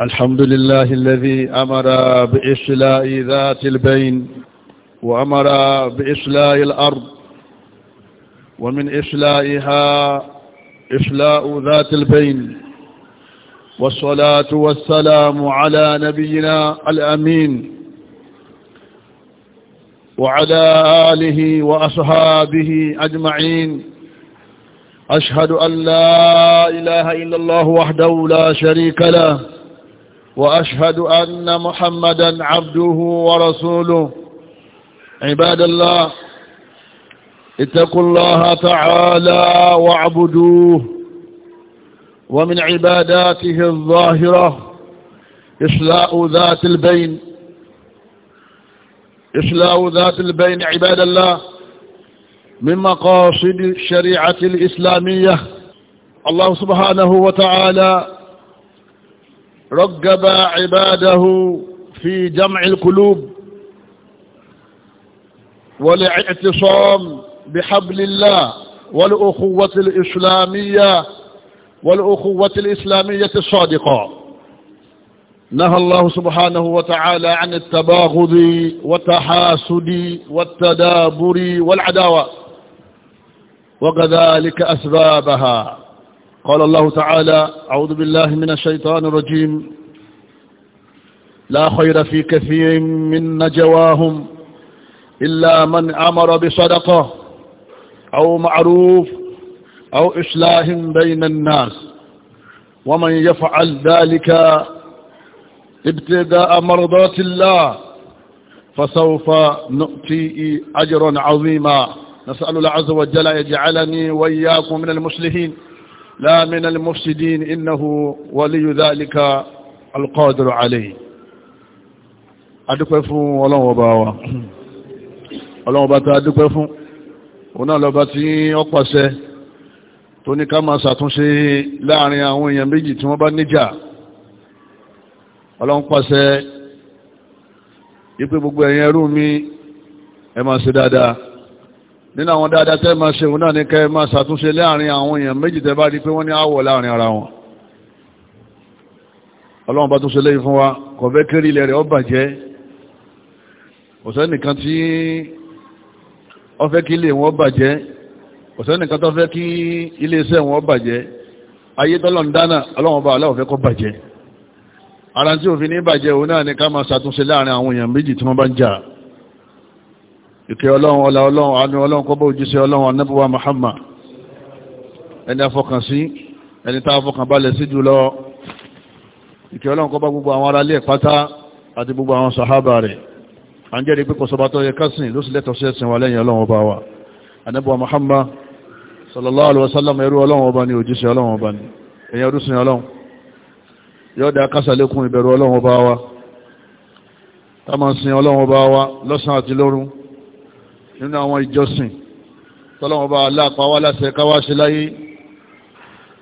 الحمد لله الذي أمر بإشلاء ذات البين وأمر بإشلاء الأرض ومن إشلائها إشلاء ذات البين والصلاة والسلام على نبينا الأمين وعلى آله وأصحابه أجمعين أشهد أن لا إله إلا الله وحده لا شريك له وأشهد أن محمدا عبده ورسوله عباد الله اتقوا الله تعالى واعبدوه ومن عباداته الظاهرة إصلاء ذات البين إصلاء ذات البين عباد الله من مقاصد الشريعة الإسلامية الله سبحانه وتعالى رغب عباده في جمع القلوب والاعتصام بحبل الله والأخوة الإسلامية والأخوة الإسلامية الصادقة نهى الله سبحانه وتعالى عن التباغض والتحاسد والتدابر والعداوة وكذلك أسبابها قال الله تعالى أعوذ بالله من الشيطان الرجيم لا خير في كثير من نجواهم إلا من أمر بصدقة أو معروف أو إصلاح بين الناس ومن يفعل ذلك ابتداء مرضات الله فسوف نؤتي أجرا عظيما نسأل الله عز وجل يجعلني وإياكم من المسلمين لا من المفسدين إنه ولي ذلك القادر عليه adúpẹ́ fún ọlọ́run ọba wa ọlọ́run ọba tá adúpẹ́ fún òun náà lọ́ba tí ó pàṣẹ tó ní ká máa ṣàtúnṣe láàrin àwọn èèyàn méjì tí wọ́n bá níjà ọlọ́run pàṣẹ ipé gbogbo ẹ̀yin ẹrú mi ẹ máa ṣe dáadáa nínú àwọn dáadáa tẹ́ máa ṣeun náà ní kẹ́ máa ṣàtúnṣe láàrin àwọn èèyàn méjì tẹ́ bá rí pé wọ́n ní àwọ̀ láàrin ara wọn ọlọ́run bá tún ṣe léyìn fún wa kò fẹ́ kéré ilẹ̀ rẹ̀ ọ bàjẹ́ ọ̀sẹ́nìkan tí ọ fẹ́ kí ilé wọn bàjẹ́ ọ̀sẹ́nìkan tó fẹ́ kí iléeṣẹ́ wọn bàjẹ́ ayé tọ́lọ́run dáná ọlọ́run bá aláwọ̀ fẹ́ kó bàjẹ́ ara tí òfin ní bàjẹ́ òun náà ní ká máa ṣàtúnṣe láàrin àwọn èèyàn méjì tí wọ́n bá ń jà ìkẹ́ ọlọ́run ọlá ọlọ́run àánú ọlọ́run kó bá òjíṣẹ́ ọlọ́run anábúwá Muhammad ẹni afọkàn sí ẹni tá afọkàn balẹ̀ sí jùlọ ìkẹ́ ọlọ́run kó bá gbogbo àwọn aráalé ẹ̀pátá àti gbogbo àwọn sàhábà rẹ̀ à ń jẹ́rìí pé kò sọba tó yẹ kásìn ló sì lẹ́tọ̀ sí ẹ̀sìn wa lẹ́yìn ọlọ́run ọba wa anábúwá Muhammad sallallahu alaihi wasallam ẹrú ọlọ́run ọba ni nínú àwọn ìjọsìn tọ́lọ́wọ́n bá aláàpá wá láṣẹ káwá ṣe láyé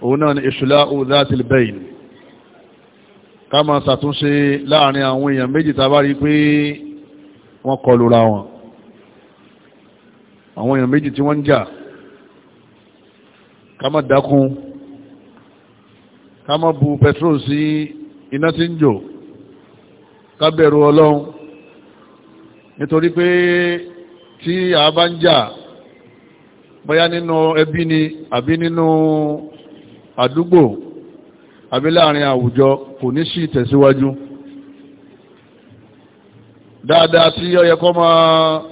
òun náà ni ìṣùlá dhatil bayn ká máa ṣàtúnṣe láàrin àwọn èèyàn méjì tàbá rí pé wọ́n kọlù ra wọn àwọn èèyàn méjì tí wọ́n ń jà ká má dákun ká má bu petrol sí iná tí ń jò ká bẹ̀rù ọlọ́run nítorí pé tí a bá ń jà bóyá nínú ẹbí ni àbí nínú àdúgbò àbí láàrin àwùjọ kò ní sí ìtẹ̀síwájú dáadáa tí ó yẹ máa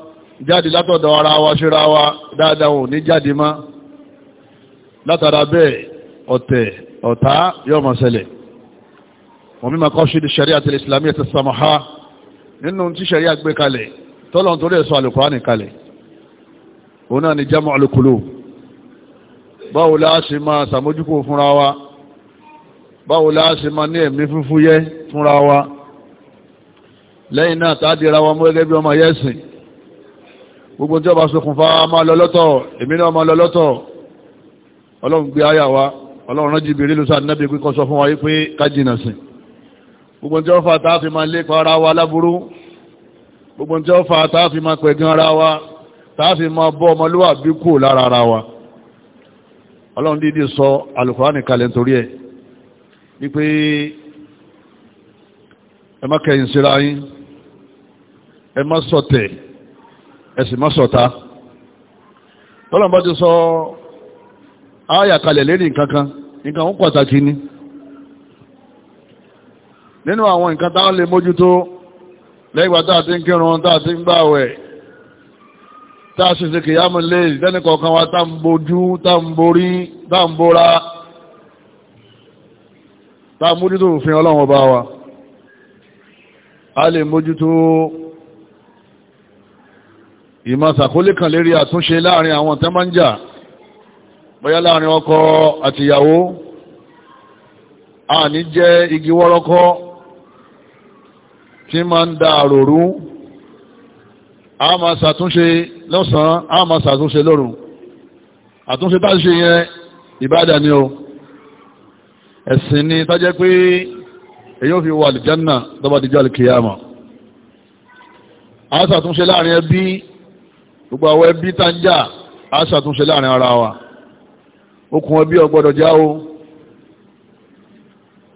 jáde látọ̀dọ̀ ara wa ṣíra wa dáadáa ò ní jáde má látara bẹ́ẹ̀ ọ̀tẹ̀ ọ̀tá yóò máa ṣẹlẹ̀ wọ́n mímọ̀ tọ́lọ̀ torí ẹ̀sọ́ alùkùránì kalẹ̀ òun náà ni jamu alùkùlù báwo la ṣe máa ṣàmójúkò fúnra wa báwo la ṣe máa ní ẹ̀mí fúfúyẹ́ fúnra wa lẹ́yìn náà tàdíra wa mú gẹ́gẹ́ bí ọmọ yẹ́sìn gbogbo tí ó ṣokùnfà máa lọ lọ́tọ̀ èmi náà máa lọ lọ́tọ̀ ọlọ́run gbé ayà wa ọlọ́run rán jìbìrì lùsà nábì pínkọ́ sọ fún wa pé ká jìnà sí gbogbo tí ó fà fi máa lépa ara wa láburú gbogbo tí ó fa fi máa gan ara wa tààfi máa bọ́ ọmọlúwàbí kù lára ara wa ọlọ́run dídí sọ alùkùránì kalẹ̀ nítorí ẹ̀ wípé ẹ má kẹ̀yìn síra yín ẹ má ṣọ̀tẹ̀ ẹ sì má ṣọ̀tá tọ́lọ́n bá ti sọ ááyà kalẹ̀ lérí nǹkan kan nǹkan ó pàtàkì ni nínú àwọn nǹkan táwọn lè mójútó lẹ́yìnwá tá a ti ń kírun tá a ti ń gbàwẹ̀ tá a sì ṣe kìyàmù lè lẹ́nu kọ̀ọ̀kan wa tá ń bojú tá ń borí tá ń bora tá a mójútó òfin ọlọ́run ọba wa a lè mójútó ìmọ̀sàkólé kan lérí àtúnṣe láàrin àwọn tẹ́ máa ń jà bóyá láàrin ọkọ àtìyàwó a jẹ́ igi wọ́rọ́kọ́ tí máa ń da àròrú a máa ṣàtúnṣe lọ́sàn-án a máa ṣàtúnṣe lóru àtúnṣe tá a ṣe yẹn ìbádà ni o ẹ̀sìn ni tá jẹ́ pé èyí ò fi wà àlìjánà tó bá dijọ́ a ṣàtúnṣe láàrin ẹbí gbogbo àwọn ẹbí tá ń jà a ṣàtúnṣe láàrin ara wa okùn ẹbí ò já o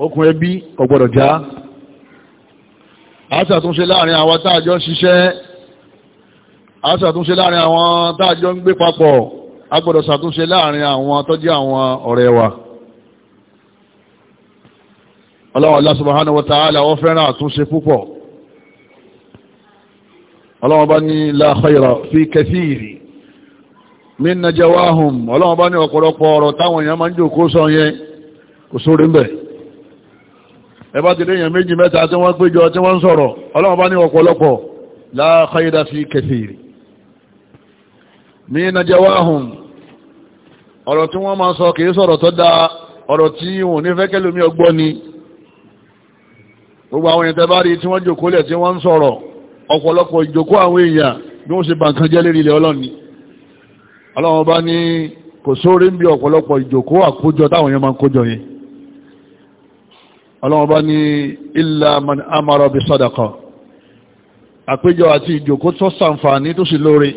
okùn ẹbí ò já àṣàtúnṣe láàrin àwọn táàjọ ń ṣiṣẹ́ àṣàtúnṣe láàrin àwọn táàjọ ń gbé papọ̀ a ṣàtúnṣe láàrin àwọn tó àwọn ọ̀rẹ́ wa Allah subhanahu wa ta'ala fẹ́ràn àtúnṣe púpọ̀ Allah bá ní fi bá ẹbá ti léyàn méjì mẹ́ta tí wọ́n péjọ tí wọ́n sọ̀rọ̀ ọlọ́run bá ní ọ̀pọ̀lọpọ̀ la khayra fi kathiri ní najawahum ọ̀rọ̀ tí wọ́n máa sọ kìí sọ̀rọ̀ tó dá ọ̀rọ̀ tí wọ́n ní fẹ́kẹ́lómi ọgbọ́ ni gbogbo àwọn ìyẹ̀tẹ́ bá rí tí wọ́n jòkólẹ̀ tí wọ́n ń sọ̀rọ̀ àkójọ táwọn èèyàn máa kójọ yẹn ọlọ́wọ́n bá ní illa man amara bi sadaqa àpéjọ àti ìjòkó tó sàǹfààní tó sì lóore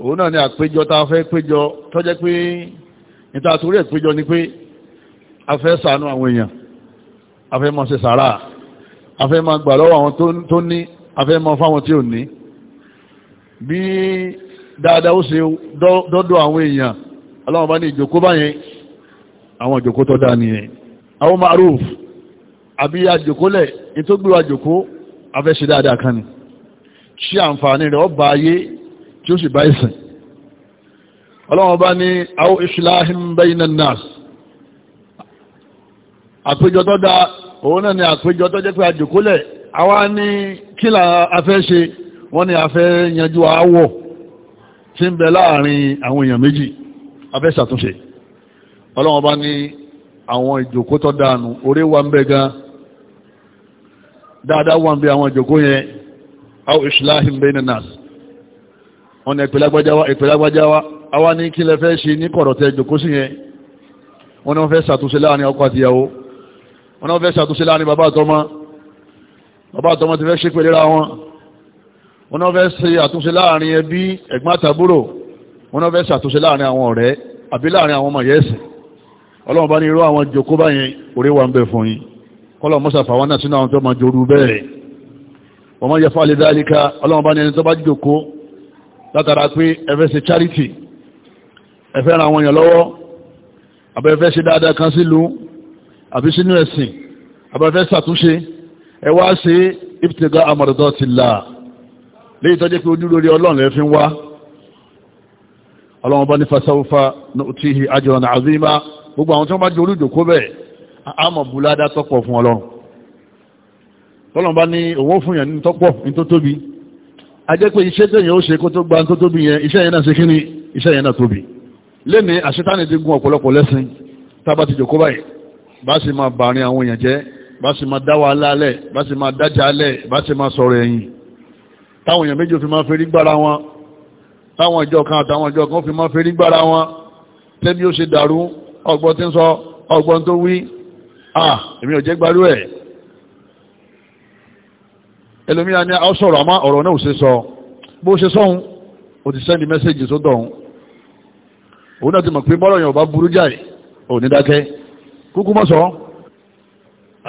òun náà ni àpéjọ tá a fẹ́ péjọ tó jẹ́ pé níta àtúrí ìpéjọ ni pé a fẹ́ sànú àwọn èèyàn a fẹ́ máa ṣe sàárà a fẹ́ máa gbà lọ́wọ́ àwọn tó ní a fẹ́ máa fáwọn tí ò ní bí dáadáa ó ṣe dọ́dọ̀ àwọn èèyàn ọlọ́wọ́n bá ní ìjòkó báyẹn àwọn ìjòkó tó dáa nìyẹn àwọn ma'ruf àbí àjòkólẹ̀ ètò gbé wa jòkó afẹ́ṣe dáadáa kan ni ṣí àǹfààní rẹ̀ ọba ayé tí ó sì bá ìsìn ọlọ́wọ́n bá ní àwọn ìṣìláhìn ni àpéjọ tó jẹ́ pé àjòkólẹ̀ àwa ní kílà afẹ́ṣe wọ́n ní afẹ́ yanjú àáwọ̀ tí ń bẹ láàrin àwọn èèyàn méjì afẹ́ ṣàtúnṣe ọlọ́wọ́n bá ní dáadáa wà ń bí àwọn ìjòkó yẹn aw islahim bainan nas wọ́n ní ìpìlágbájáwá ìpìlágbájáwá awá ní kí lẹ fẹ́ ṣe ní kọ̀rọ̀tẹ́ ìjòkó sí yẹn wọ́n ní wọ́n fẹ́ ṣàtúnṣe láàrin ọkọ àti ìyàwó wọ́n ní wọ́n fẹ́ ṣàtúnṣe láàrin bàbá àtọmọ bàbá àtọmọ ti fẹ́ ṣe pèlè ra wọn wọ́n ní wọ́n fẹ́ ṣe láàrin ẹbí ẹ̀gbọ́n àtàbúrò wọ́n ní wọ́n fẹ́ ṣàtúnṣe láàrin àwọn ọ̀rẹ́ àbí láàrin àwọn ọmọ yẹ́sìn ọlọ́run bá ní irú àwọn ìjòkó báyẹn orí wa ń bẹ fún yín kọ́lọ̀ mọ́sà fàwọn náà sínú àwọn tó máa jorú bẹ́ẹ̀ wọ́n máa yẹ fàálẹ̀ dáríká ọlọ́run bá ní ẹni tó bá jòkó látara pé ẹfẹ́ ṣe charity ẹfẹ́ ran àwọn èèyàn lọ́wọ́ abẹ́fẹ́ ṣe dáadáa kan sílùú àbí sínú ẹ̀sìn abẹ́fẹ́ ṣàtúnṣe ẹ wá ṣe ibtiga amọ̀dọ̀dọ̀ ti là léyìí tó jẹ́ pé ojú lórí ọlọ́run rẹ̀ fi ń wá ọlọ́run bá ní fasawufa nutihi ajran azima gbogbo àwọn tó bá jorú jòkó bẹ́ẹ̀ àmọ̀ bùládá tọ́pọ̀ fún ọlọ́run tọ́lọ́n bá ní òun fún yẹn ní tọ́pọ̀ ní tó tóbi a jẹ́ pé iṣẹ́ tẹ̀yìn ó ṣe kó tó gba tó tóbi yẹn iṣẹ́ yẹn náà ṣe kíní iṣẹ́ yẹn náà tóbi lẹ́ni àṣetánì ti gun ọ̀pọ̀lọpọ̀ lẹ́sìn tába ti jòkó báyìí bá sì máa bàárín àwọn èèyàn jẹ́ bá sì máa dá wàhálà alẹ́ bá sì máa dájà alẹ́ bá sì máa sọ̀rọ̀ ọgbọ́n tí ń sọ ọgbọ́n tó wí Ah, ah èmi ò jẹ́ gbárú ẹ̀ ẹlòmíà ní ọ sọ̀rọ̀ àmọ́ ọ̀rọ̀ náà ò ṣe sọ bó ṣe sọ́hun ò ti sẹ́ndì mẹ́sẹ́jì tó dọ̀hun òun náà ti mọ̀ pé bọ́rọ̀ yẹn ò bá burú jáì ò ní dákẹ́ kúkú mọ́ sọ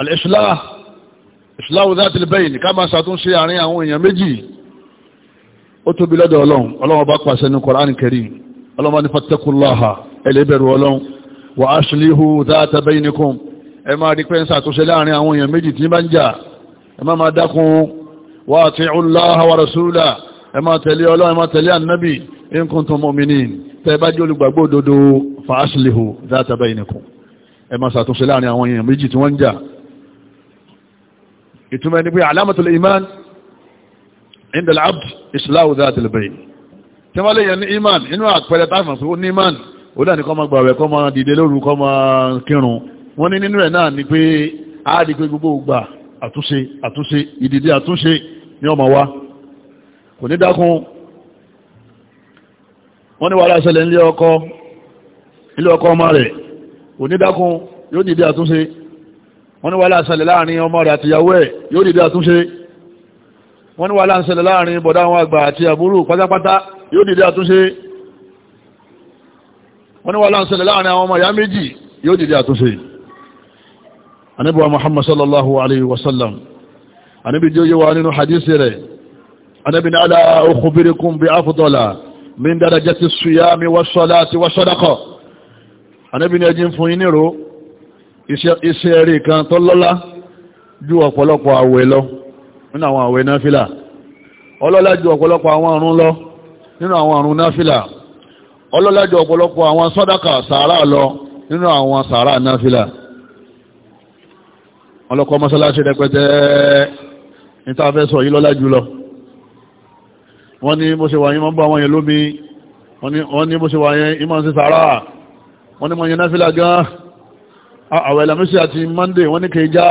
al-islah islah dhati al-bayn ká máa ṣàtúnṣe àárín àwọn èèyàn méjì ó tóbi lọ́dọ̀ ọlọ́run ọlọ́run bá pàṣẹ ní Qur'an Karim ọlọ́run bá ní fattaqullaha ẹlẹ́bẹ̀rù ọlọ́run wa aslihu dhata baynikum ẹ máa rí pé ń ṣàtúnṣe láàrin àwọn èèyàn méjì tí bá ń jà ẹ má máa dákun wà á ti Allah wa rasúlà ẹ máa tẹ̀lé ọlọ́run ẹ máa tẹ̀lé ànábì in kuntum mu'minin tẹ́ bá jẹ́ olùgbàgbọ́ òdodo fa aslihu dhata bainakum ẹ máa ṣàtúnṣe láàrin àwọn èèyàn méjì tí wọ́n ń jà wọ́n ní nínú ẹ̀ náà ni pé a di pé gbogbo ògbà àtúnṣe àtúnṣe ìdìdí àtúnṣe ní ọmọ wa kò ní dákun wọ́n ní wàhálà ṣẹlẹ̀ nílé ọkọ ilé ọkọ ọmọ rẹ̀ kò ní dákun yóò dìdí àtúnṣe wọ́n ní wàhálà ṣẹlẹ̀ láàrin ọmọ rẹ̀ àtìyàwó ẹ̀ yóò dìdí àtúnṣe wọ́n ní wàhálà ṣẹlẹ̀ láàrin bọ̀dá àwọn àgbà àti àbúrò pátápátá yóò dìdí àtúnṣe wọ́n ní wàhálà ṣẹlẹ̀ láàrin àwọn ọmọ ìyá méjì yóò dìdí àtúnṣe ànábì wa muhammad sallallahu alayhi wa sallam ànábì jẹ́ yíwa nínú hadisi rẹ̀ ànábì ní ala ukhbirukum bí afdala min darajati siyami wa salati wa sadaqa ànábì ní ẹjí fún yín nírò iṣẹ́ rí kan tó lọ́lá ju ọ̀pọ̀lọpọ̀ àwẹ̀ lọ nínú àwọn àwẹ̀ náfìlà ọlọ́lá ju ọ̀pọ̀lọpọ̀ àwọn àrùn lọ nínú àwọn àrùn náfìlà ọlọ́lá ju ọ̀pọ̀lọpọ̀ àwọn sàdákà sàárà lọ nínú àwọn sàárà náfìlà ọlọ́kọ́ mọ́sálásí rẹpẹtẹ níta fẹ́ sọ yí lọ́lá jùlọ wọ́n ní mo ṣe wà yí mọ́ ń bọ́ yẹn lómi wọ́n ní mo ṣe wà yẹn ìmọ̀ sí sàárà wọ́n ní mo yẹn náfílà gan àwọ̀ ẹ̀lẹ́mísì àti monday wọ́n ní kè já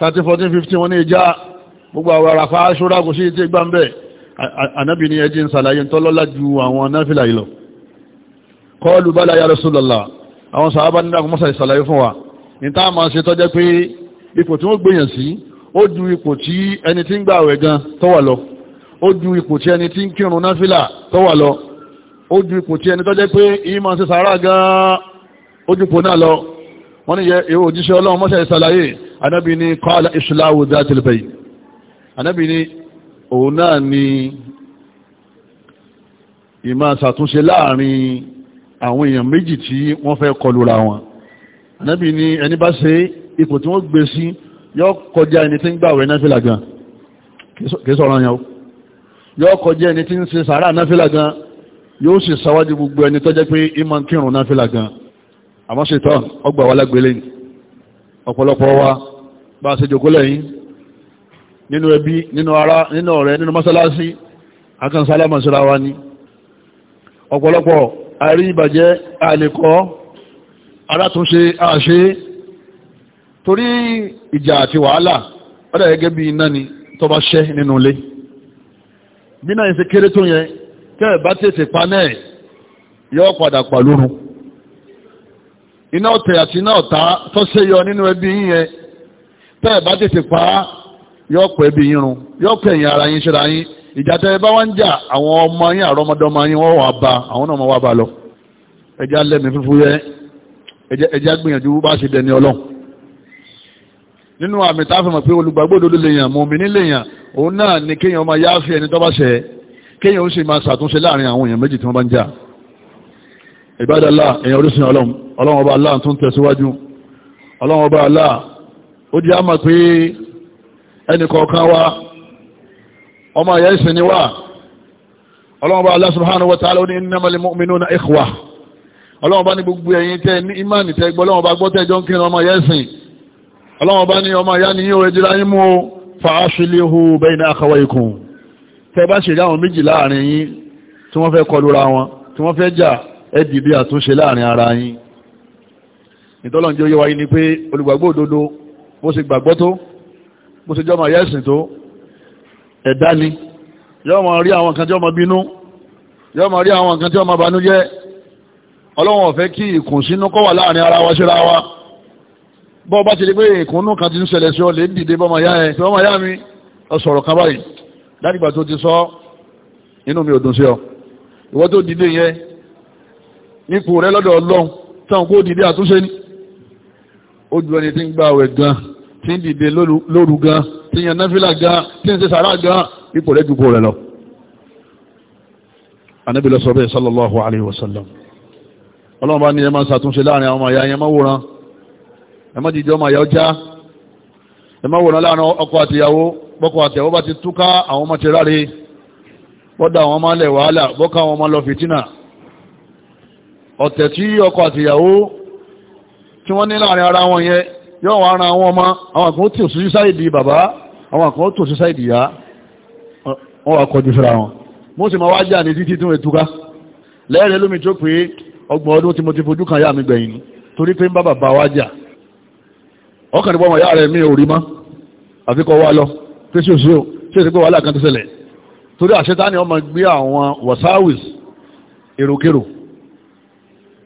13 14 15 wọ́n ní ìjá gbogbo àwọn àràfà aṣọ́ra kò sí ìtí gbá ń bẹ̀ anábì ní ẹjí ń ya Rasulullah àwọn sàábà nígbà mọ́sà ìsàlàyé fún wa ní táà máa ṣe tọ́jẹ́ pé ipò tí wọ́n gbèyàn sí ó ju ipò tí ẹni tí ń gbà àwẹ̀ gan tó wà lọ ó ju ipò tí ẹni tí ń kírun náfìlà tó wà lọ ó ju ipò tí ẹni tó jẹ́ pé ìmọ̀ ṣe sàárà gan ó ju ipò náà lọ wọ́n ní yẹ èrò òjíṣẹ́ ọlọ́run mọ́ṣẹ́ ìsàlàyé anábì ní kọ́lá ìṣúláwò dátil bayt anábì ní òun náà ni ìmọ̀ ṣàtúnṣe láàrin àwọn èèyàn méjì tí wọ́n fẹ́ kọlura wọn ànábì ni ẹni bá ṣe ipò tí wọ́n gbé sí yọ́ kọjá ẹni tí ń gbàwẹ̀ náfílà gan kìí sọ̀rọ̀ yàn ó yọ́ kọjá ẹni tí ń ṣe sàárà náfílà gan yóò sì sáwájú gbogbo ẹni tọ́jẹ́ pé ìmọ̀ kírun náfílà gan àmọ́ ṣe tán ọgbà wa lágbélé ọ̀pọ̀lọpọ̀ wa bá a ṣe jòkó lẹ́yìn nínú ẹbí nínú ará nínú ọ̀rẹ́ nínú mọ́sálásí akànsálámọ̀síra wa ni ọ̀pọ̀lọpọ̀ arátúnṣe àṣe torí ìjà àti wàhálà ọ̀dà gẹ́gẹ́ bí iná ni tó bá ṣẹ́ nínú ilé bí náà ṣe kéré tó yẹn tẹ́ẹ̀ bá tètè pa náà yọ padà pàlórun iná ọ̀tẹ̀ àti iná ọ̀tá tó ṣe yọ nínú ẹbí yín yẹn tẹ́ẹ̀ bá tètè pa yọ pẹ̀ ẹbí yín run yọ pẹ̀ ẹ̀yìn ara yín ṣẹ́ra yín ìjà tẹ́ẹ̀ bá wá ń jà àwọn ọmọ yín àrọ́mọdọ́mọ yín wọ́n wà bá àwọn náà wà bá lọ ẹja lẹ́mìí fúnfún ẹjẹ́ agbìyànjú bá ṣe dẹni ọlọ́run nínú àmì táfẹ́mọ̀ pé olùgbàgbọ́dọ̀ ló lèyàn mọ̀mí nílèyàn òun náà ni kéèyàn máa yááfẹ́ ẹni tó bá ṣẹ̀ kéèyàn ó sì máa ṣàtúnṣe láàrin àwọn èèyàn méjì tí wọ́n bá ń jà ìbádàlá èèyàn orísun ọlọ́run ọlọ́run ọba aláà tún tẹ̀síwájú ọlọ́run ọba aláà ó di àmà pé ẹnì kọ̀ọ̀kan wa ọmọ ìyá ìsìn ni wà ọlọ́run ọba aláà subhanahu wa ọlọ́wọ́n bá ní gbogbo ẹ̀yin tẹ́ ní ìmánì tẹ́ gbọ́ ọlọ́wọ́n bá gbọ́ tẹ́jọ́ ń kírun ọmọ yẹ́sìn ọlọ́wọ́n bá ní ọmọ ìyá ni yíò ẹjìlá yín mú fa aslihu bayna akhawaykum tẹ́ bá ṣe láwọn méjì láàrin yín tí wọ́n fẹ́ kọlura wọn tí wọ́n fẹ́ jà ẹ di bí àtúnṣe láàrin ara yín ìtọ́lọ́n jẹ́ yíwa yín ni pé olùgbàgbọ́ ọlọ́wọ́n ọ̀fẹ́ kí ìkùnsínú kọ́ wà láàrin ara wa síra wa bọ́ bá ti di pé ìkùnnú kan ti ń ṣẹlẹ̀ sí ọ lè dìde bọ́mọ ya ẹ bọ́mọ ya mi ọ̀sọ̀rọ̀ kan báyìí ládìgbà tó ti sọ inú mi ò dùn sí ọ ìwọ tó dìde yẹn nípò rẹ lọ́dọ̀ ọlọ́run táwọn kó dìde àtúnṣe ní ojú ẹni tí ń gba àwẹ̀ gan tí ń dìde lóru gan tí ń yan náfìlà gan tí ń ṣe sàrà gan ipò rẹ ju kó rẹ lọ. anábìlẹ̀ sọ bẹ́ẹ̀ sallallahu alayhi wa sallam ọlọ́run bá ní ẹ máa ṣàtúnṣe láàrin àwọn àyà yẹn máa wòran ẹ má dìde ọmọ àyà ọjá ẹ má wòran láàrin ọkọ àtìyàwó bọ́kọ àtìyàwó bá ti túká àwọn ọmọ ti ráre bọ́dà àwọn ọmọ alẹ̀ wàhálà bọ́kà àwọn ọmọ lọ fìtínà ọ̀tẹ̀ tí ọkọ àtìyàwó tí wọ́n ní láàrin ara wọn yẹn yóò wá ara àwọn ọmọ àwọn kan tó sí sáìdì bàbá àwọn kan tó sí sáìdì yá wọ́n wá kọjú ọgbọ̀n ọdún tí mo ti fojú kan yá mi gbẹ̀yìn torí pé ń bá bàbá wa jà ọkàn nípa wọn yá rẹ̀ mi ò rí mọ́ àfikọ́ wa lọ pé sí òṣìṣẹ́ tí ó ti pé wàhálà kan ti ṣẹlẹ̀ torí àṣetáni ọmọ gbé àwọn wasawis èròkèrò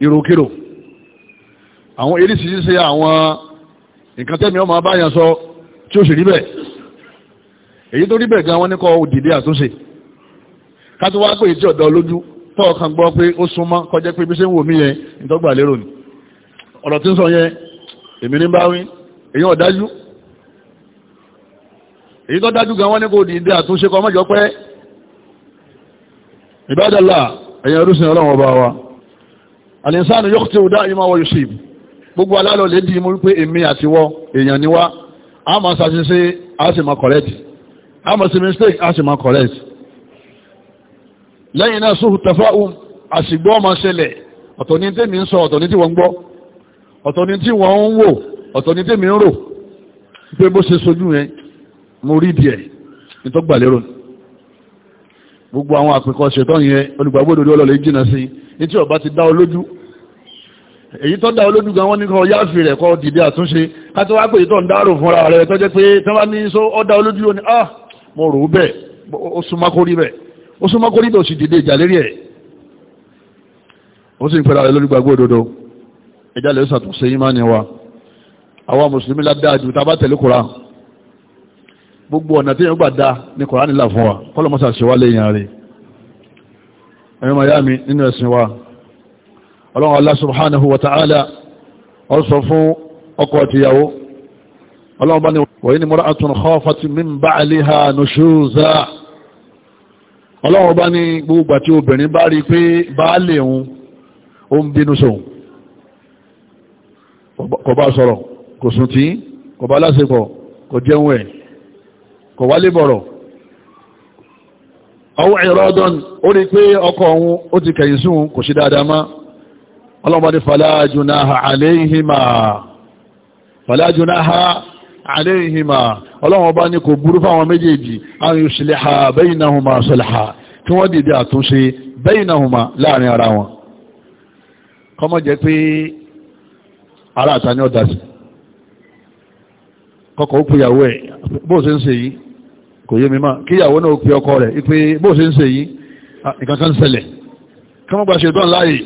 èròkèrò àwọn eríṣiríṣi àwọn nǹkan tẹ́mi ọmọ abáyàn sọ tí ó sì rí bẹ́ẹ̀ èyí tó rí bẹ́ẹ̀ gan wọn ní kọ́ òdìdí àtúnṣe ká tó wá pé tí ọ̀dọ́ lójú tọ́ọ̀kan gbọ́ pé ó súnmọ́ kọjá pé bí ṣe ń wò mí yẹn ìtọ́gbà lérò ni ọ̀rọ̀ tí ń sọ yẹn èmi ní báwí èyí ọ̀dájú èyí tó dájú gan wọ́n ní kò dìde àtúnṣe kọ́ mọ́jọ pẹ́ ìbádàlá ẹ̀yìn orísun ọlọ́run ọba wa àlìsàn yóò ti dá ìmọ̀ wọ yusuf gbogbo alálọ̀ lè di mú pé èmi àti wọ èèyàn ni wá a máa ṣàṣìṣe a sì máa correct a máa ṣe mistake a sì máa correct lẹ́yìn náà sóhù tafáhùn àṣìgbọ́ ọmọ ṣẹlẹ̀ ọ̀tọ̀ ní tèmi ń sọ ọ̀tọ̀ ní tí wọ́n ń gbọ́ ọ̀tọ̀ ní tí wọ́n ń wò ọ̀tọ̀ ní tèmi ń rò pé bó ṣe sojú yẹn mo rí díẹ̀ nítọ́gbà lérò gbogbo àwọn àpẹkọ ṣètọ́ yẹn olùgbàgbọ́dọ̀ ọlọ́lẹ̀ jìnnà sí ní tí ọba ti dá ọ lójú èyí tó dá olójú gan wọ́n ní kọ́ yáàfì rẹ̀ kọ́ dìde àtúnṣe ká wá pé ìtọ́ ń dárò fúnra rẹ̀ tó jẹ́ pé tó bá ní sọ ọ́ dá olójú ó ní ah mo rò ó bẹ́ẹ̀ ó súnmọ́ kó bẹ́ẹ̀ ó súnmọ́ kó nílò sí dìde ìjà lérí ẹ̀ ó sì ń pẹ̀lú àwọn olùgbàgbọ́ òdodo ìjà lè ṣàtúnṣe ìmánì wa àwa mùsùlùmí ládàá ju tá a bá tẹ̀lé Kùránì gbogbo ọ̀nà tí yẹn gbà dá ní Kùránì là fún wa kọ́lọ́mọ́sà ṣe wá léyìn rẹ̀ ẹ̀yọ́ miami nínú ẹ̀sìn wa ọlọ́run Allah subhanahu wa ta'ala ọ sọ fún ọkọ àtìyàwó ọlọ́run bá ní wọ̀nyí ni mura'atun khafat min ba'liha nushuza ọlọ́run bá ní gbogbo àti obìnrin bá rí pé baálé òun ó ń bínú sóun kò bá sọ̀rọ̀ kò sùn tí kò bá lásìkò kò jẹun ẹ̀ kò wálé bọ̀rọ̀ ọwọ́ ìrọ́dọ́n ó rí pé ọkọ òun ó ti kẹ̀yìn sóun kò sí dáadáa má ọlọ́run bá ní àléhìmá ọlọ́run ọba ní kò burú fáwọn méjèèjì àwọn ìṣìlẹ̀ha bẹ́yìnàhùnmá sọlẹ̀ha kí wọ́n dìde àtúnṣe bẹ́yìnàhùnmá láàrin ara wọn kọ́mọ jẹ́ pé ara àta ní ọ̀dà sí kọ́kọ́ ó pèyàwó ẹ̀ bó ṣe ń ṣe yìí kò yé mi mọ́ kíyàwó náà pe ọkọ rẹ̀ pé bó ṣe ń ṣe yìí nǹkan kan ṣẹlẹ̀ kọ́mọ gbà ṣe tán láàyè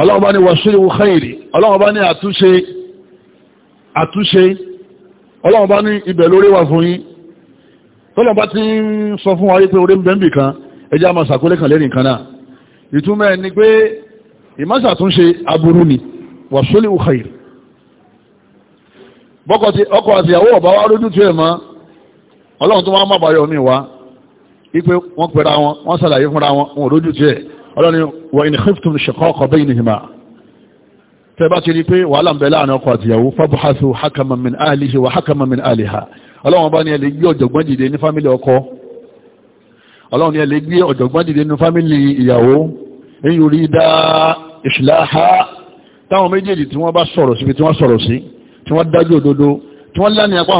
ọlọ́run bá ní wàṣíwò khairi ọlọ́run bá ní àtúnṣe àtúnṣe ọlọ́run bá ní ibẹ̀ lórí wà fún yín tọ́lọ́run bá ti ń sọ fún wa yí pé orí ń bẹ́ ń bì kan ẹjẹ́ a máa ṣàkólé kan lẹ́rìn kan náà ìtumọ̀ ẹni pé ìmọ̀ṣàtúnṣe aburú ni wàsólì ukhair ọkọ̀ àti ìyàwó ọ̀bá wa rójú tí ẹ̀ mọ́ ọlọ́run tó wá má bàyọ̀ mi wá ipe wọ́n pẹ̀ra wọn wọ́n ṣàlàyé fúnra wọn wọn rójú tí ẹ̀ ọlọ́run wọ ìnìkíftùn ṣẹ̀kọ́ ọkọ̀ bẹ́yìn nìyí tẹ́bá ti rí pé wàhálà ń bẹ láàrin ọkọ àtìyàwó fábùhásù hakaman min ahlihi wa hakaman min ahliha ọlọ́run bá ní ẹ lè gbé ọ̀jọ̀gbọ́n dìde ní fámílì ọkọ ọlọ́run ní ẹ lè gbé ọ̀jọ̀gbọ́n dìde ní fámílì ìyàwó in yurida islaha táwọn méjèèjì tí wọ́n bá sọ̀rọ̀ síbi tí wọ́n sọ̀rọ̀ sí tí wọ́n dájú òdodo tí wọ́n lá ní apá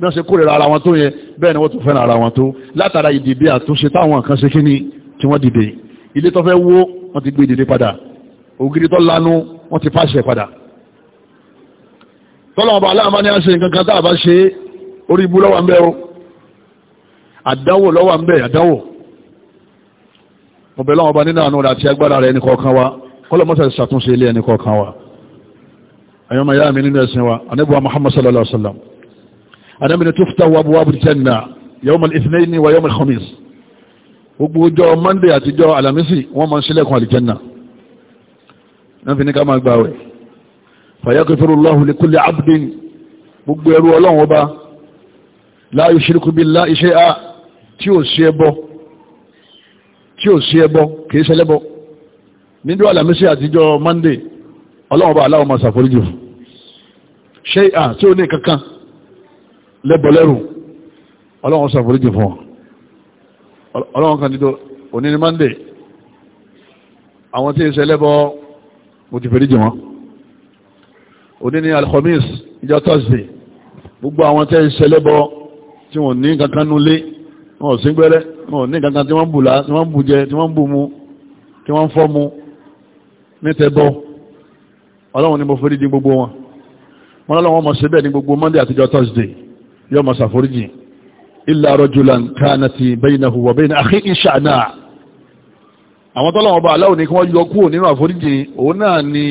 bí wọ́n ṣe kórìíra ara wọn tó yẹn bẹ́ẹ̀ ni wọ́n tún fẹ́ràn ara wọn tó látara ìdìde àtúnṣe táwọn kan ṣe kíní tí wọ́n dìde ilé tó fẹ́ wó wọ́n ti gbé ìdìde padà ògiri tó lanu wọ́n ti pàṣẹ padà tọ́lọ́wọ́n bá aláàmá ní àṣẹ nǹkan kan tá a bá ṣe orí ibú lọ́wọ́ ń bẹ́ o àdánwò lọ́wọ́ ń bẹ́ àdánwò ọbẹ̀ lọ́wọ́ nínú àánú rẹ̀ àti agbára rẹ̀ ẹnì kọ̀ọ̀kan wa kọ́lọ́mọ́sẹ̀ ṣàtúnṣe ilé ẹnì kọ̀ọ̀kan wa àyọ́mọ̀ yá mi nínú ẹ̀sìn wa anábùwà Muhammad sallallahu alaihi wa sallam anábìnrin tó fìtà wà buwá bùrìjẹ́nà yawm al-ithnaini wa yawm al gbogbo ọjọ́ monday àtijọ́ alamisi wọ́n máa ń ṣílẹ̀kùn àlìjẹ́nà náà fi ní ká máa gbàwẹ̀ fayaghfirullahu likulli abdin gbogbo ẹrú ọlọ́run ọba la yushriku billahi shay'a tí ò sí ẹbọ tí ò sí ẹbọ kìí ṣẹlẹ́bọ níjọ́ alamisi àtijọ́ monday ọlọ́run ọba aláwọ̀ máa ṣàforíjì fún shay'a tí ò ní kankan lẹ́bọ̀lẹ́rù ọlọ́run ṣàforíjì fún ọlọ́run kan dídó òní ni monday àwọn tí ń ṣe lẹ́bọ̀ mo ti fèríjì wọn òní ni alhamis ìjọ thursday gbogbo àwọn tí ń ṣe lẹ́bọ̀ tí wọ́n ní kankan nulé wọ́n sí gbẹ́rẹ́ wọ́n ní kankan tí wọ́n bù lá tí wọ́n bù jẹ tí wọ́n bù mu tí wọ́n fọ́ mu nítẹ̀bọ̀ ọlọ́run ni mo fèríjì gbogbo wọn wọn lọ́wọ́ mọ̀ síbẹ̀ ní gbogbo monday àtijọ́ thursday yóò máa ṣàforíjì illa rajulan kanati baynahu wa bayna akhihi sha'na' àwọn tọ́lọ́wọ́n bá aláwọ̀ ní kí wọ́n yọ kúrò nínú àforíjì òun náà ni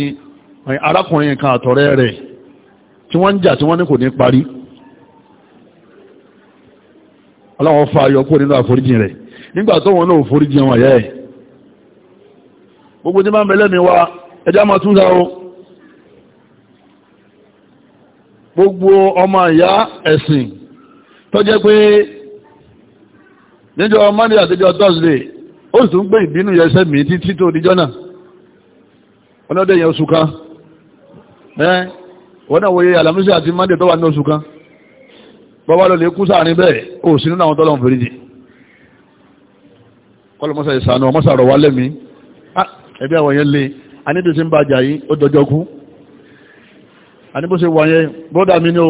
arákùnrin kan àtọ̀rẹ́ rẹ̀ tí wọ́n ń jà tí wọ́n ní kò ní parí aláwọ̀ fa yọ kúrò nínú àforíjì rẹ̀ nígbà tó wọn náà foríjì wọn yẹ́ ẹ̀ gbogbo tí máa ń bẹ̀lẹ́ mi wá ẹjá máa túnra o gbogbo ọmọ ìyá ẹ̀sìn tó jẹ́ pé níjọ́ monday àtijọ́ thursday ó sì tún gbé ìbínú yẹsẹ́ mi títí tó níjọ́ náà ọlọ́dẹ yẹn oṣù kan ẹ́ wọ́n náà wòye alamisi àti monday tó wà ní oṣù kan bọ́wọ́ lọ lè kú sáàrin bẹ́ẹ̀ ó sì nínú àwọn tọ́lọ̀ fèrèjì wálẹ̀ mi ah, àwọn yẹn ń bàjá àní bó ṣe wà yẹn bọ́dà mi ni ó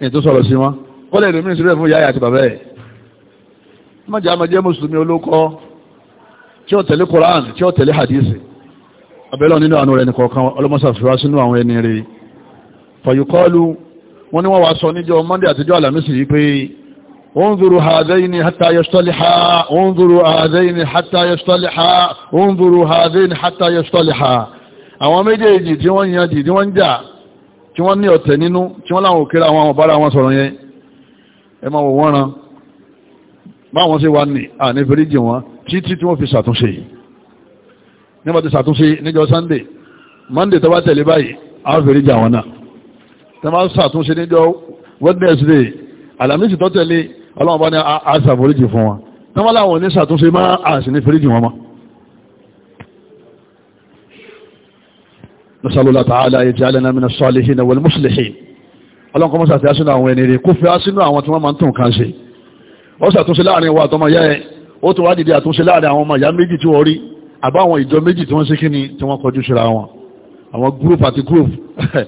ní tó sọ̀rọ̀ sí wọn ó lè lómi ìṣúrẹ́ fún yáyà àti bàbá ẹ̀ mọ́jà máa mùsùlùmí olókọ́ tí ó tẹ̀lé Koran tí ó tẹ̀lé hadith abẹ́lọ́ nínú àánú rẹ̀ nìkọ̀ọ̀kan ọlọ́mọsàfíwá sínú àwọn ẹni rẹ̀ àwọn méjèèjì tí wọ́n yan jì tí wọ́n ń jà tí wọ́n ní ọ̀tẹ̀ nínú tí wọ́n láwọn òkèrè àwọn ọ̀bára wọn sọ̀rọ̀ yẹn ẹ máa wò wọ́n ran báwọn ṣe wà ní ànífẹ́ríjì wọn títí tí wọ́n fi ṣàtúnṣe nígbà tí ṣàtúnṣe níjọ Sunday Monday tó bá tẹ̀lé báyìí àáfẹ́ríjì àwọn náà tó bá ṣàtúnṣe níjọ Wednesday Àlàmísì tó tẹ̀lé ọlọ́run bá ní àṣàforíjì fún wọn tó bá láwọn ní ṣàtúnṣe má àṣìnífẹ́ríjì wọn máa nasalu la ta'ala yaj'alana min as-salihin wal muslihin ọlọ́run kọ́ mọ́sá fi asínú àwọn ẹni rẹ̀ kó fi asínú àwọn tí wọ́n máa ń tún kan ṣe ó ṣàtúnṣe láàrin wa àtọmọ ìyá ẹ ó tún wá dìde àtúnṣe láàrin àwọn ọmọ ìyá méjì tí wọ́n rí àbá àwọn ìjọ méjì tí wọ́n ṣe kíni tí wọ́n kọjú síra wọn àwọn group àti group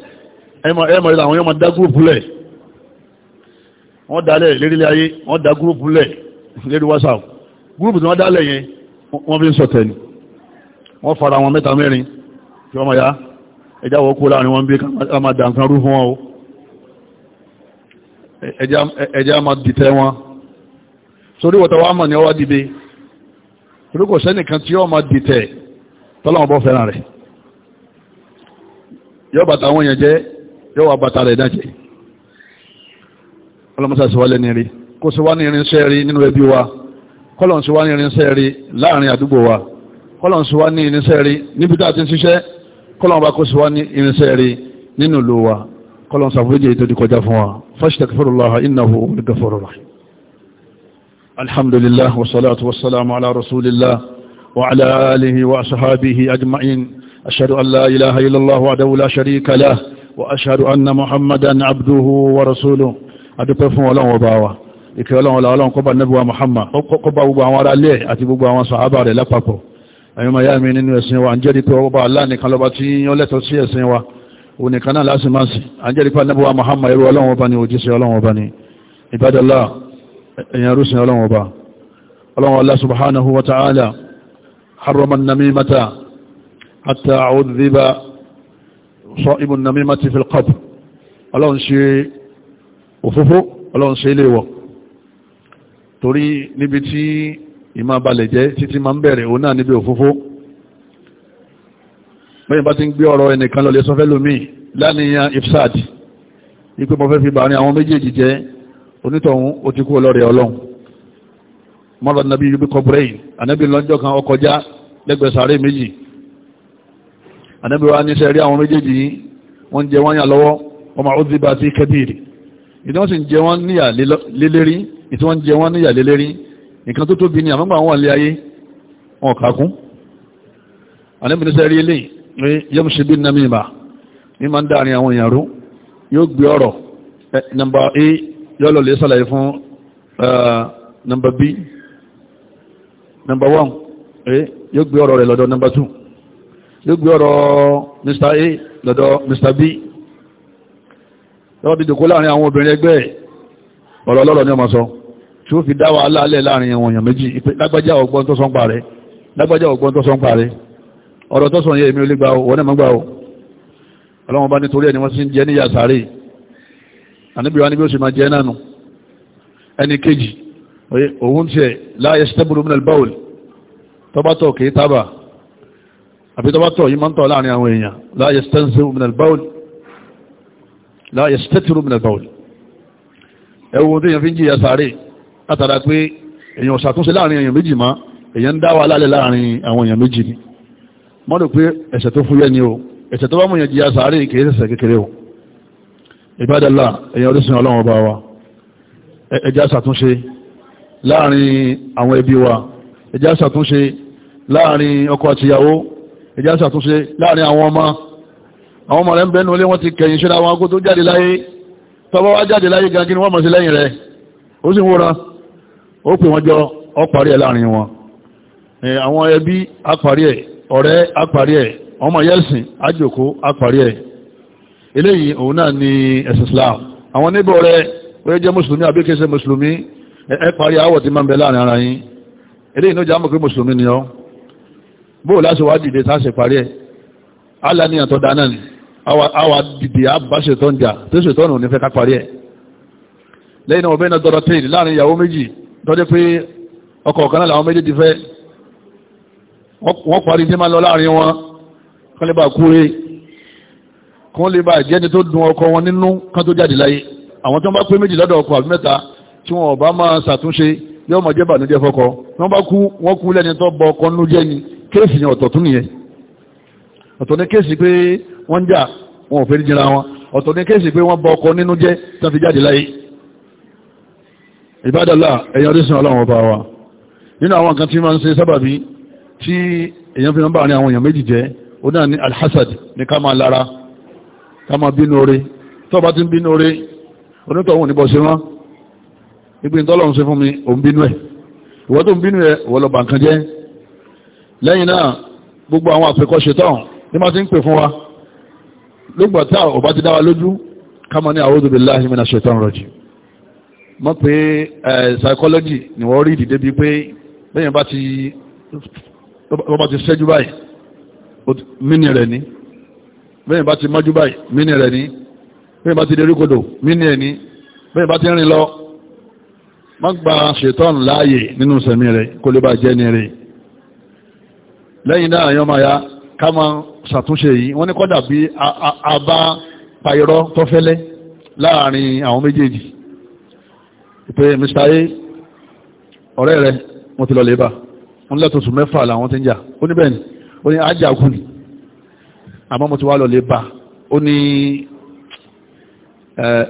ẹmọ ẹmọ ìlà àwọn yóò máa dá group lẹ̀ wọ́n dálẹ̀ lérílẹ̀ ayé wọ́n dá group lẹ̀ lérí whatsapp group tí wọ́n dálẹ̀ yẹn wọ́n fi ń sọ̀tẹ̀ ni wọ́n fara wọn mẹ́ta mẹ́rin tí wọ́n máa yá ẹjá wọ́kú láàrin wọn bí ká máa dàǹkan rú fún wọn o ẹjá máa dìtẹ́ wọn sórí wọ́tọ̀ wá mọ̀ ní ọwá dìbe torí kò sẹ́nìkan tí ó máa dìtẹ̀ tọ́láwọn bọ́ fẹ́ràn rẹ̀ yóò bàtà àwọn èèyàn jẹ́ yóò wà bàtà rẹ̀ dájẹ́ ọlọ́mọsá sí wá lẹ́ni rí kó sì wá ní irinṣẹ́ rí nínú ẹbí wa kọ́lọ̀ sí wá ní irinṣẹ́ rí láàrin àdúgbò wa kọ́lọ̀ sí wá ní irinṣẹ́ rí níbi tá a ti ń ṣiṣẹ́ kọ́lọ́n bá kó sí wá ní irinṣẹ́ rí nínú ìlú wa kọ́lọ́n sàfúrújì èyí tó di kọjá fún wa fastaghfirullaha innahu huwal ghafurur rahim alhamdulillah wasalatu wasalamu ala rasulillah wa ala alihi wa ashabihi ajma'in ashhadu an la ilaha illallah wahdahu la sharika lah wa ashhadu anna muhammadan abduhu wa rasuluhu adúpẹ́ fún ọlọ́run ọba wa ìkẹ́ ọlọ́run ọlọ́run kó bá nẹ́bùwa muhammad kó bá gbogbo àwọn ará lẹ́ àti gbogbo àwọn sàhábà rẹ̀ lápapọ̀ ẹ̀yọ́ ma yá mi nínú ẹ̀sìn wa àjẹ́rí pé ọba aláàníkan lọ́ba tí yán lẹ́tọ̀ sí ẹ̀sìn wa onìkan náà láti máa sì àjẹ́rí pé anábọ̀wà Muhammad irú ọlọ́run ọba ni òjíṣẹ́ ọlọ́run ọba ni ìbádọ́lá ẹ̀yàn rúsìn ọlọ́run ọba ọlọ́run Allah subhanahu ìmá balẹ̀ jẹ́ títí ma ń bẹ̀rẹ̀ òun náà níbi òfófó bẹ́yìn bá ti ń gbé ọ̀rọ̀ ẹnìkan lọ lè sọ fẹ́ lómi láníyàn ifsad ipé mo fẹ́ fi bàárín àwọn méjèèjì jẹ́ onítọ̀hún ó ti kú ọlọ́rẹ̀ ọlọ́run mọ́rọ̀ nàbí ibi kọbúrẹ́yìn ànábì lọ́jọ́ kan ó kọjá lẹ́gbẹ̀ẹ́ sàárè méjì ànábì wa ní sẹ́rí àwọn méjèèjì yìí wọ́n jẹ wọ́n yà lọ́wọ́ wọ́n máa sí jẹ wọ́n níyà lélérí nǹkan tó tóbi ní àmọ́gbà wọn lé ayé wọn kàkún àníbìnisẹ́ rí ilé yẹ́mùsẹ̀ bí nàmì ìbà ní máa ń dáàrin àwọn èèyàn yóò gbé ọ̀rọ̀ nàmbà a yọ́lọ̀ lè sàlàyé fún nàmbà b nàmbà 1 yóò gbé ọ̀rọ̀ rẹ̀ lọ́dọ̀ nàmbà 2 yóò gbé ọ̀rọ̀ mr a lọ́dọ̀ mr b lọ́wọ́ bí dòkó láàrin àwọn obìnrin ẹgbẹ́ ọ̀rọ̀ ọlọ́rọ̀ ni ọmọ sọ tí ó fi dá wàhálà alẹ́ láàrin àwọn èèyàn méjì lágbájá ọgbọ́n tó sọ́n parẹ́ lágbájá ọgbọ́n tó sọ́n parẹ́ ọ̀rọ̀ tó sọ yẹ èmi ò lè gbà ó wọ́n náà mọ́ gbà ó ọlọ́wọ́n bá nítorí ẹni wọ́n sì ń jẹ níyà sáré àníbíwá níbi ó sì máa jẹ nánu ẹni kejì òun tiẹ̀ láyé stẹ́bùrù minal báwòl tọ́bátọ̀ kìí tábà àbí tọ́bátọ̀ yí máa ń tọ́ láàrin àwọn èèyàn láyé stẹ́bùrù minal báwòl láyé stẹ́bùrù minal báwòl ẹwọ́n tó yẹn fi ń jìyà sáré látara pé èèyàn ṣàtúnṣe láàrin èèyàn méjì mọ́ èèyàn ń dá wa lálẹ́ láàrin àwọn èèyàn méjì ni mo rò pé ẹ̀ṣẹ̀ tó fúyẹ́ ni o ẹ̀ṣẹ̀ tó bá mú yẹn jìyà sàárè kìí kékeré o ìbádọ́lá èèyàn orísun ọlọ́run ọba wa ẹja ṣàtúnṣe láàrin àwọn ẹbí wa ẹja ṣàtúnṣe láàrin ọkọ àtìyàwó ẹja ṣàtúnṣe láàrin àwọn ọmọ àwọn ọmọ rẹ̀ ń bẹ́nu ilé wọ́n ti kẹ̀yìn ṣẹ́ra wọn kó tó jáde láyé tọ́bọ́ wá jáde láyé gan ni wọ́n mọ̀ sí lẹ́yìn rẹ̀ ó sì ń wòran ó pè wọ́n jọ ó parí ẹ̀ láàrin wọn àwọn ẹbí apàrí ẹ̀ ọ̀rẹ́ apàrí ẹ̀ ọmọ yẹ́sìn àjòkó apàrí ẹ̀ eléyìí òun náà ni ẹ̀sìn Islam àwọn níbọ̀ rẹ̀ ó jẹ́ mùsùlùmí àbí kìí ṣe mùsùlùmí ẹ parí àwọ̀ tí máa ń bẹ láàrin ara yín eléyìí ló jẹ́ àmọ̀ pé mùsùlùmí ni ọ́ bóò láti wá dìde tá a ṣe parí ẹ̀ aláníyàn tó dáná ni àwa dìde àbáṣetọ́ ń jà tó ṣètọ́nù ní fẹ́ ká parí ẹ̀ lẹ́yìn náà ọ̀bẹ́ náà dọ̀rọ̀ tẹ́lẹ̀ láàrin ìyàwó méjì tọ́jẹ́ pé ọkọ̀ ọ̀kan náà làwọn méjèèjì fẹ́ wọ́n parí tí máa lọ láàrin wọn kán lè bá kúrè kán lè bá jẹ́ni tó dùn ọkọ wọn nínú kán tó jáde láyé àwọn tí wọ́n bá pé méjì lọ́dọ̀ ọkọ àbí mẹ́ta tí wọn bá máa ṣàtúnṣe yóò máa jẹ́ bànújẹ́ fọ́kọ tí wọ́n bá kú wọ́n kú lẹ́ni tó bọ ọkọ nínú jẹ́ ni kéèsì yẹn ọ̀tọ̀ tún nìyẹn ọ̀tọ̀ ní kéèsì pé wọ́n ń jà wọn ò fẹ́ jìnra wọn ọ̀tọ̀ ní kéèsì pé wọ́n bọ ọkọ nínú jẹ́ tó fi jáde láyé ìbádọ́lá ẹ̀yàn orísun ọlọ́run ọba wa nínú àwọn kan tí ma ń ṣe sábàbí tí èyàn fi ń bá ní àwọn èèyàn méjì jẹ́ ó náà ní alhassad ní ká máa lára ká máa bínú oore tó bá ti ń bínú oore onítọ̀hún ní bọ́sẹ̀ wọn ibi ìtọ́lọ́run ṣe fún mi ò ń bínú ẹ̀ ìwọ́n tó ń bínú ẹ̀ wọ́n lọ bà nǹkan jẹ́ lẹ́yìn náà gbogbo àwọn àpẹkọ́ ṣetán ní ma ti ń pè fún wa lógbà tá ò bá ti dá wa lójú ká máa ní a'udhu billahi minash shaitanir rajim mọ́ pé psychology ni wọ́n rí ìdìde bíi pé bẹ́yẹn bá ti tó bá ti ṣẹ́jú báyìí mini rẹ̀ ní bẹ́yẹn bá ti mọ́jú báyìí mini rẹ̀ ní bẹ́yẹn bá ti derí kodò mini ẹ̀ ní bẹ́yẹn bá ti rìn lọ má gba ṣètọ́n láàyè nínú sẹ̀mí rẹ̀ kó lè bá jẹ́ ní rẹ̀ lẹ́yìn náà yọ́ máa ya ká máa ṣàtúnṣe yìí wọ́n ní kọ́dà bí a bá pàìrọ́ tó fẹ́lẹ́ láàrin àwọn méjèèjì pé mr a ọ̀rẹ́ rẹ wọ́n ti lọ lè bá wọ́n ní lẹ́tọ̀ọ̀tù mẹ́fà làwọn ti ń jà ó ní bẹ́ẹ̀ ni ó ní ajagun ni àmọ́ mo ti wá lọ lè bá ó ní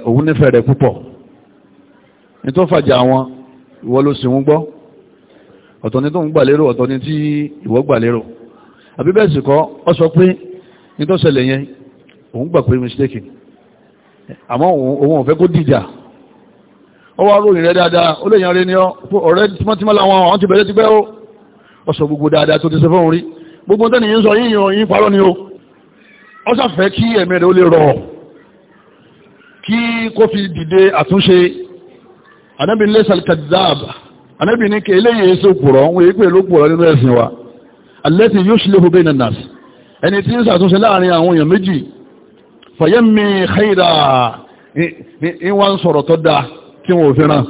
òun nífẹ̀ẹ́ rẹ̀ púpọ̀ ní tó fàjà wọn ìwọ ló sì ń gbọ́ ọ̀tọ̀ ni tó ń gbà lérò ọ̀tọ̀ ni tí ìwọ gbà lérò àbí bẹ́ẹ̀ sì kọ́ ọ sọ pé ní tó ṣẹlẹ̀ yẹn òun gbà pé mistake àmọ́ òun ò fẹ́ kó dìjà ó wá ròyìn rẹ dáadáa ó lè yan rẹ ní ọ ọ̀rẹ́ tímọ́tímọ́ làwọn àwọn ti bẹ̀rẹ̀ ti pẹ́ ó ọ̀sọ̀ gbogbo dáadáa tó ti ṣe fún orí gbogbo tẹ́ni yìí ń sọ yíyan yín parọ́ ni o ó ṣàfẹ́ kí ẹ̀mí rẹ̀ ó lè rọ̀ kí kó fi dìde àtúnṣe anábì ní lẹ́sàl kadab anábì ní kí eléyìí ṣe òpùrọ̀ wọn èyí pé ló pùrọ̀ nínú ẹ̀sìn wa alẹ́sì yóò ṣe léhu bẹ́ẹ̀ nànà ẹni tí ń ṣàtúnṣe láàrin àwọn èèyàn méjì fàyẹ́mi khaira ìwọ̀n sọ̀rọ̀ tó dáa tí wọ́n fi ràn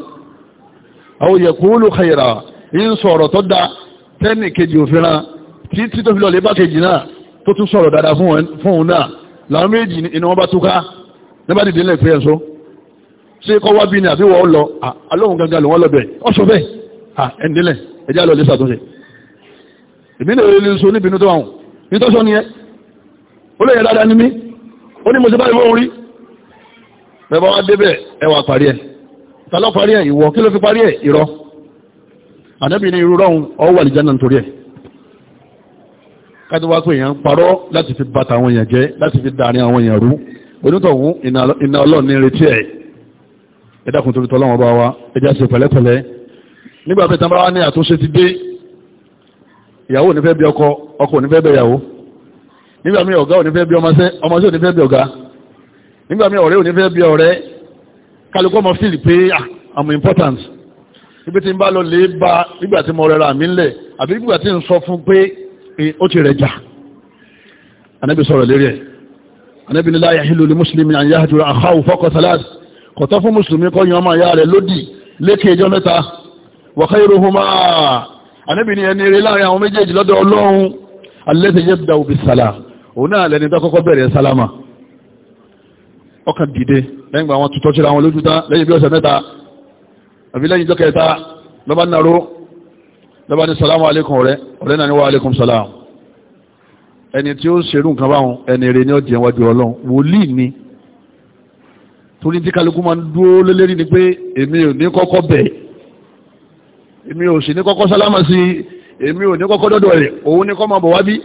àwọn yẹ̀kúlù kẹyìrà ń sọ̀rọ̀ tó da tẹ́nì kejì òfin ràn títí tó fi lọ́lẹ́ bá kejì náà tó tún sọ̀rọ̀ dáadáa fún òun náà làwọn méjì iná wọn bá túká nígbà dìde lẹ́ẹ̀ pé ẹ̀ sọ ṣé kọ́ wá bí ni àbí wọ́n lọ alóhùn gangan lòun lọ bẹ̀ ọ sọ bẹ́ẹ̀ ẹ̀já lọ lè ṣàtúnṣe èmi náà lè so níbi inú tó wà parí ẹ̀ tàlọ́ parí ẹ̀ ìwọ kí ló fi parí ẹ̀ irọ́ ànábì ní irú rọ́hun ọwọ́ àlìjánà nítorí ẹ̀ káàdì wá pé èèyàn parọ́ láti fi bàtà àwọn èèyàn jẹ́ láti fi dàrin àwọn èèyàn rú onítọ̀hún iná ọlọ́run ní retí ẹ̀ ẹ dákun torí tọ́lọ́wọ́n bá wa ẹjá ṣe pẹ̀lẹ́pẹ̀lẹ́ nígbà pé tamara ní àtúnṣe ti dé ìyàwó ò ní fẹ́ bí ọkọ ọkọ ò ní fẹ́ bẹ ìyàwó nígbà míì ọ̀gá ò ní fẹ́ bí ọmọṣẹ́ ọmọṣẹ́ ò ní fẹ́ bí ọ̀gá nígbà míì ọ̀rẹ́ ò ní fẹ́ bí ọ̀rẹ́ kálukú ọmọ fíìlì pé àmọ́ ah, important ibi tí n bá lọ lè ba nígbà tí mo rẹra mi ńlẹ̀ àbí nígbà tí n sọ fún pé eh, ó ti rẹ̀ jà anábì sọ̀rọ̀ lérí ẹ̀ anábì nílá yahilu lè mùsùlùmí àyà àti àháwù fọ́kọ̀ sálàs kọ̀tọ́ fún mùsùlùmí kọ́ yan ọmọ àyà rẹ̀ lódì lékè ẹjọ́ mẹ́ta wàkàírùhùmá anábì ní ẹni eré láàrin àwọn méjèèjì lọ́dọ̀ ọlọ́run alẹ́sẹ̀ yẹ́ dáwù òun náà lẹni tó kọ́kọ́ bẹ̀rẹ̀ sálámà ọkàn dìde lẹ́yìn gba àwọn tutọ́ síra wọn lójú tán lẹ́yìn bí ọ̀sẹ̀ mẹ́ta àbí lẹ́yìn jọ kẹta lọ́ba nàró lọ́ba ní salamu alaikum ọ̀rẹ́ ọ̀rẹ́ náà ní wa alaikum salam ẹni tí ó ṣerú nǹkan báwọn ẹni rẹ̀ ní ọ̀jẹ̀ wájú ọlọ́run wòlíì ni torí tí kálukú máa ń dúró lélẹ́rí ni pé èmi ò ní kọ́kọ́ bẹ̀ èmi ò sì ní kọ́kọ́ sálámà sí èmi ò ní kọ́kọ́ dọ́dọ̀ rẹ̀ òun ní kọ́ máa bọ̀ wá bí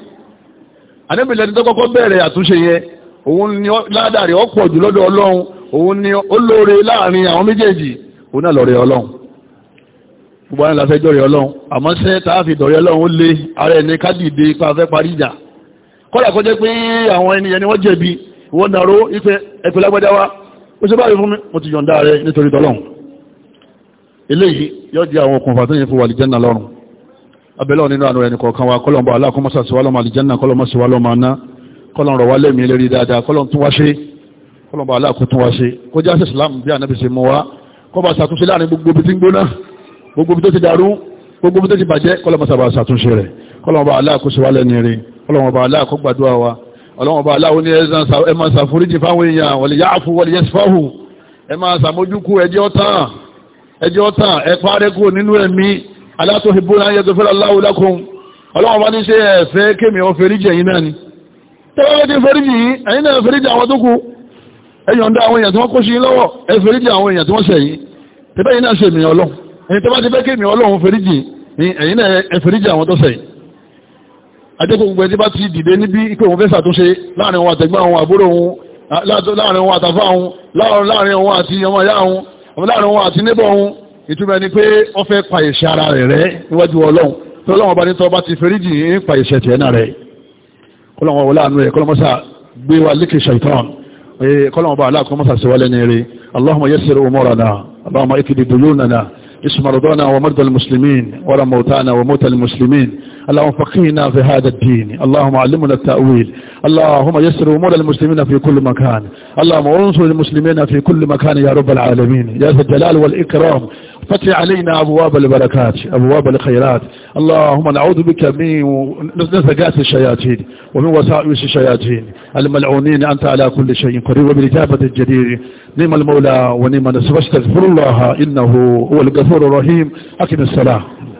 àdébìlẹ́ni tó kọ́kọ́ bẹ̀rẹ̀ àtúnṣe yẹn òun ni ládàrí ọ̀pọ̀ jù lọ́dọ̀ ọlọ́run òun ni ó lóore láàrin àwọn méjèèjì òun náà lọ́rẹ̀ ọlọ́run gbogbo àwọn ìlàfẹ́jọ́ rẹ̀ ọlọ́run àmọ́ sẹ́ tààfi dọ̀rẹ́ ọlọ́run ó lé ara ẹni kádìdé ipa parí ìjà kọ́lá kọjẹ́ pé àwọn ènìyàn ni wọ́n jẹ̀bi wọ́n dàró ife ẹ̀pẹ̀ lágbájá wa ó ṣe báyìí fún mi mo ti yọ̀ǹda rẹ nítorí tọ́lọ́run eléyìí yóò di àwọn okùnfà tó yẹ fún wàlìjẹ́nà lọ́rùn abẹ́lẹ́ nínú àánú ẹnì kọ̀ọ̀kan wa kọ́lọ́mọ aláàkọ́mọ́sàsíwálọ́mọ àlìjẹ́nà kọ́lọ́mọ́síwálọ́mọ aná kọ́lọ́n rọ̀ wá lẹ́mí lérí dáadáa kọ́lọ́n tún wá ṣe kọ́lọ́n bá aláàkó tún wá ṣe kó jẹ́ àṣẹ islam bí ànábì ṣe mú wá kọ́ bá ṣàtúnṣe láàrin gbogbo ibi tí ń gbóná gbogbo ibi tó ti dàrú gbogbo ibi tó ti bàjẹ́ kọ́lọ́n bá ṣàbà ṣàtúnṣe rẹ̀ kọ́lọ́n bá aláàkó ṣe wá lẹ́ni rí kọ́lọ́n bá aláàkó gbàdúrà wa ọlọ́wọ́n bá aláwo ní ẹ tẹ́wọ́n ti fẹ́ríjì yìí ẹ̀yin náà fẹ́ríjì àwọn tó kù ẹ̀yàn dá àwọn èèyàn tí wọ́n kó sí yín lọ́wọ́ ẹ fẹ́ríjì àwọn èèyàn tí wọ́n ṣẹ̀ yín tẹ́bẹ́ yìí náà ṣe èmi ọlọ́run ẹ̀yin tẹ́bá ti fẹ́ kí èmi ọlọ́run fẹ́ríjì ni ẹ̀yin náà ẹ fẹ́ríjì àwọn tó ṣẹ̀ yín. ajẹ́kọ̀ọ́ gbogbo ẹtí bá ti dìde níbi pé òun fẹ́ ṣàtúnṣe láàrin ara rẹ̀ rẹ́ níwájú ọlọ́run tí ọlọ́run bá ní tọ́ bá ti fẹ́ríjì ń pa ìṣẹ̀tì rẹ̀ kọ́lọ́wọ́ wọlé àánú rẹ̀ kọ́lọ́mọ́sà gbé wa lékè ṣàìtàn kọ́lọ́wọ́ bá aláàkọ́mọ́sà sí wọlé ní rí allahumma yassir umurana allahumma ikidi duyunana اسم رضانا ومرضى المسلمين ولا موتانا وموتى المسلمين اللهم فقهنا في هذا الدين اللهم علمنا التأويل اللهم يسر أمور المسلمين في كل مكان اللهم انصر المسلمين في كل مكان يا رب العالمين يا ذا الجلال والإكرام فتح علينا أبواب البركات أبواب الخيرات اللهم نعوذ بك من نزقات الشياطين ومن وسائل الشياطين الملعونين أنت على كل شيء قريب بالإجابة الجديد نعم المولى ونعم نسبة استغفر الله إنه هو الغفور الرحيم أكن الصلاة